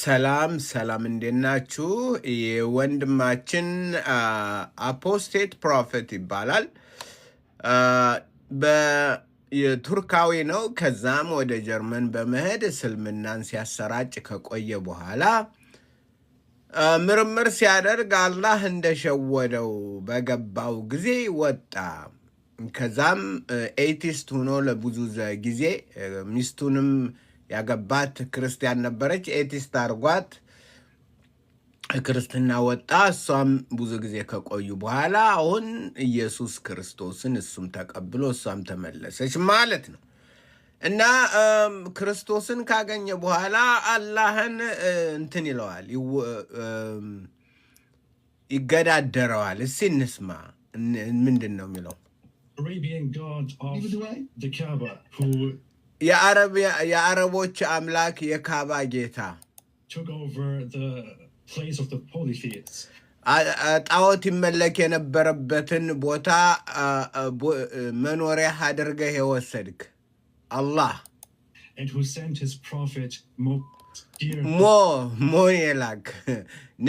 ሰላም ሰላም፣ እንዴት ናችሁ? የወንድማችን አፖስቴት ፕሮፌት ይባላል። የቱርካዊ ነው። ከዛም ወደ ጀርመን በመሄድ እስልምናን ሲያሰራጭ ከቆየ በኋላ ምርምር ሲያደርግ አላህ እንደሸወደው በገባው ጊዜ ወጣ። ከዛም ኤቲስት ሆኖ ለብዙ ጊዜ ሚስቱንም ያገባት ክርስቲያን ነበረች። ኤቲስት አርጓት ክርስትና ወጣ። እሷም ብዙ ጊዜ ከቆዩ በኋላ አሁን ኢየሱስ ክርስቶስን እሱም ተቀብሎ እሷም ተመለሰች ማለት ነው። እና ክርስቶስን ካገኘ በኋላ አላህን እንትን ይለዋል፣ ይገዳደረዋል። እስኪ እንስማ ምንድን ነው የሚለው የአረቦች አምላክ የካባ ጌታ ጣዖት ይመለክ የነበረበትን ቦታ መኖሪያ አድርገህ የወሰድክ አላህ ሞ ሞን የላክ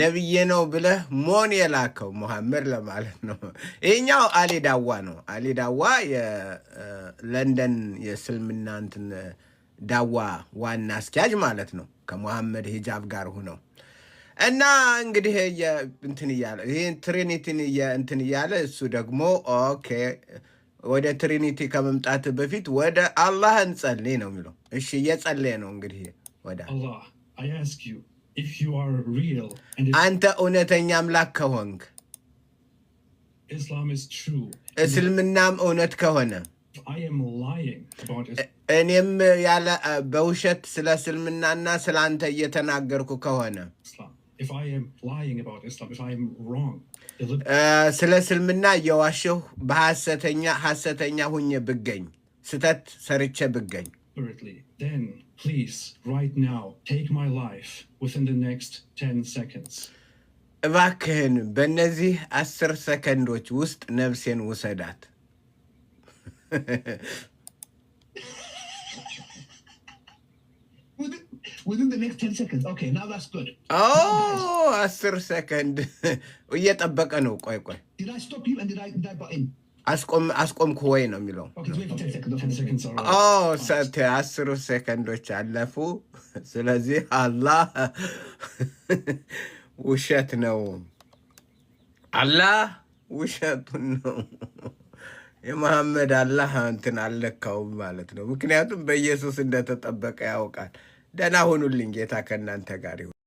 ነብዬ ነው ብለህ ሞን የላከው ሙሐመድ ለማለት ነው። ይህኛው አሊ ዳዋ ነው። አሊ ዳዋ የለንደን የእስልምና እንትን ዳዋ ዋና አስኪያጅ ማለት ነው። ከሙሐመድ ሂጃብ ጋር ሁነው እና እንግዲህ እንትን እያለ ይህ ትሪኒቲን እንትን እያለ እሱ ደግሞ ኦኬ ወደ ትሪኒቲ ከመምጣት በፊት ወደ አላህ እንጸልይ ነው የሚለው። እሺ እየጸለየ ነው እንግዲህ ወደ አንተ እውነተኛ አምላክ ከሆንክ እስልምናም እውነት ከሆነ እኔም ያለ በውሸት ስለ እስልምናና ስለ አንተ እየተናገርኩ ከሆነ ስለ እስልምና እየዋሸሁ በሐሰተኛ ሐሰተኛ ሁኜ ብገኝ ስተት ሰርቼ ብገኝ desperately, then, please, right now, take my life within the next 10 seconds. እባክህን በእነዚህ አስር ሰከንዶች ውስጥ ነፍሴን ውሰዳት። within the next 10 seconds. Okay, now that's good. Oh, አስር ሰከንድ እየጠበቀ ነው። ቆይ ቆይ. Did I stop you and did I, አስቆምኩ ወይ ነው የሚለው። አስሩ ሴከንዶች አለፉ። ስለዚህ አላህ ውሸት ነው፣ አላህ ውሸቱን ነው የመሐመድ አላህ እንትን አልለካውም ማለት ነው። ምክንያቱም በኢየሱስ እንደተጠበቀ ያውቃል። ደህና ሁኑልኝ። ጌታ ከእናንተ ጋር ይሁን።